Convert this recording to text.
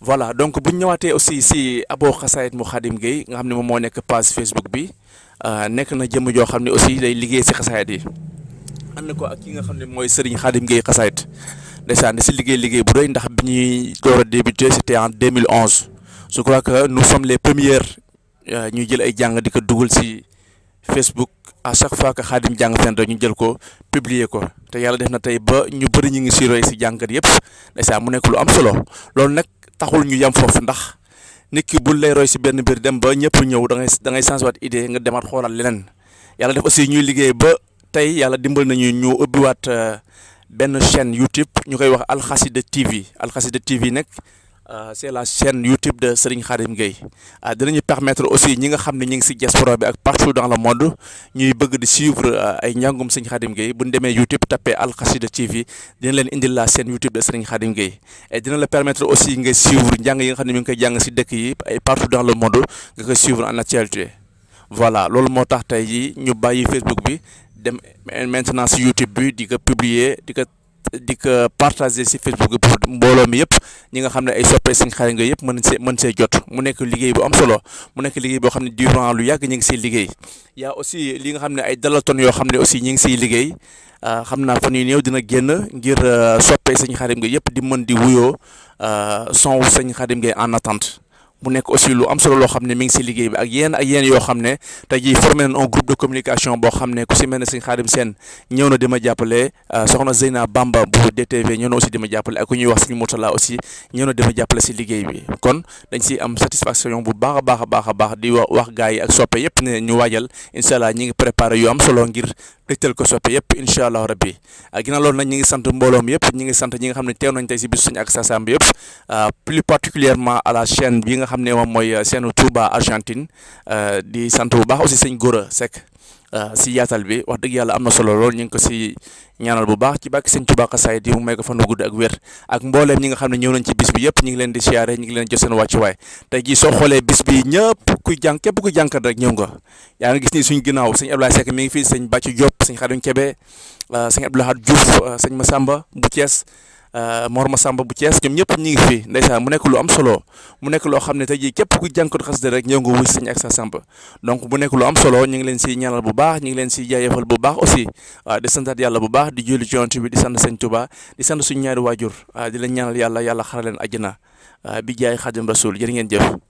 voilà donc bu ñëwaatee aussi si Abo Xasaayit mu Xadim Gueye nga xam ne moom moo nekk page Facebook bi euh, nekk na jëmm joo xam ne aussi day liggéey si xasaayit yi ànd ko ak ki nga xam ne mooy Serigne Xadim Gueye xasaayit ndeysaan si liggéey liggéey bu doy ndax bi ñuy door a débuté c'était en 2011 je crois que nous sommes les premières euh, ñuy jël ay jàng di ko dugal si Facebook à chaque fois que Xadim jàng fen ñu jël ko publier ko te yàlla def na tey ba ñu bëri ñu ngi si roy si jàngat yëpp ndeysaan mu nekk lu am solo taxul ñu yem foofu ndax nit ki bu lay si benn mbir dem ba ñëpp ñëw da ngay da changé waat idée nga demaat xoolal leneen yàlla def aussi ñuy liggéey ba tey yàlla dimbal nañu ñu ubbiwaat euh, benn chaîne YouTube ñu koy wax Alxassida TV Alxassida TV nag Euh, c'est la chaîne YouTube de Serigne Khadim Gueye ah dinañu permettre aussi ñi nga xam ne ñu ngi ci diaspora bi ak partout dans le monde ñuy bëgg di suivre euh, ay njàngum Serigne Khadim Gueye bu ñu demee YouTube tapé Al Khassida TV dina leen indil la chaîne YouTube de Serigne Khadim Gueye et dina la permetre aussi nga suivre njàng yi nga xam ne mi ngi koy jàng ci dëkk yi ay partout dans le monde nga koy suivre en actualité voilà loolu moo tax tey jii ñu bàyyi Facebook bi dem maintenant ci YouTube bi di ko publier di di ko partager ci Facebook mbooloo mi yëpp. ñi nga xam ne ay soppe sëñ xarit nga yëpp mën see mën see jot mu nekk liggéey bu am solo mu nekk liggéey boo xam ne durant lu yàgg ñi ngi siy liggéey yaa aussi li nga xam ne ay dalaton yoo xam ne aussi ñi ngi siy liggéey ah, xam naa fan yu néew dina génn ngir ah, soppee sañ xarit nga yëpp di mën di wuyoo ah, son sëñ xarit nga en attente mu nekk aussi lu am solo loo xam ne mu ngi si liggéey bi ak yen ak yéen yoo xam ne te jii formé nañ groupe de communication boo xam ne ku si mel ne sëñ Xaadim Seen ñëw na dema ma jàppale euh, soxna Zeyna Bamba bu DTV ñëw na aussi di ma jàppale ak ku ñuy wax suñu Mourtala aussi ñëw na di ma jàppale si liggéey bi kon dañ si am satisfaction bu baax a baax a baax a baax di wax wax gars yi ak soppe yëpp ne ñu waajal incha allah ñi ngi préparé yu am solo ngir dëgtal ko soppe yëpp incha allahu rabbi ah, ginnaaw lool nag ñi ngi sant mbooloom yëpp ñi ngi sant ñi nga xam ne teew nañ tey si bis suñu ak sasam bi yëpp ah, plus particulièrement à la chaîne bi nga xam ne moom mooy ah, chaîne Touba Argentine di sant bu baax aussi sëñ Gora Seck Euh, si yaatal bi wax dëgg yàlla am na solo lool ñu ngi ko si ñaanal bu baax ci bàkki sëñ Tuubaa xasaay di mu may ko fan wu ak wér ak mbooleem ñi nga xam ne ñëw nañ ci bis bi yëpp ñu ngi leen di siyaare ñu ngi leen jox seen wàccuwaay tey jii soo xoolee bis bi ñëpp kuy jàng képp kuy jànkat rek ñëw nga yaa nga gis ni suñ ginnaaw sëñ Abdoulaye Seck mi ngi fii sëñ Bàccu Diop sëñ Xadim Kebe euh, sëñ Abdoulaye Diouf euh, sëñ Massamba bu Thiès Euh, Mor Massamba bu Thiès ñoom ñëpp ñu ngi fi ndeysaan mu nekk lu am solo mu nekk loo xam ne tey jii képp ku jànkot xasida rek ñëw nga wuy sëñ ak sa samp donc bu nekk lu am solo ñu ngi leen si ñaanal bu baax ñu ngi leen si jaayefal bu baax aussi di santaat yàlla bu baax di julli ci yonent bi di sant sëñ Tuubaa di sant suñu ñaari waajur di leen ñaanal yàlla yàlla xara leen àjjana bi jaay Xaadim Rasuul jërë ngeen jëf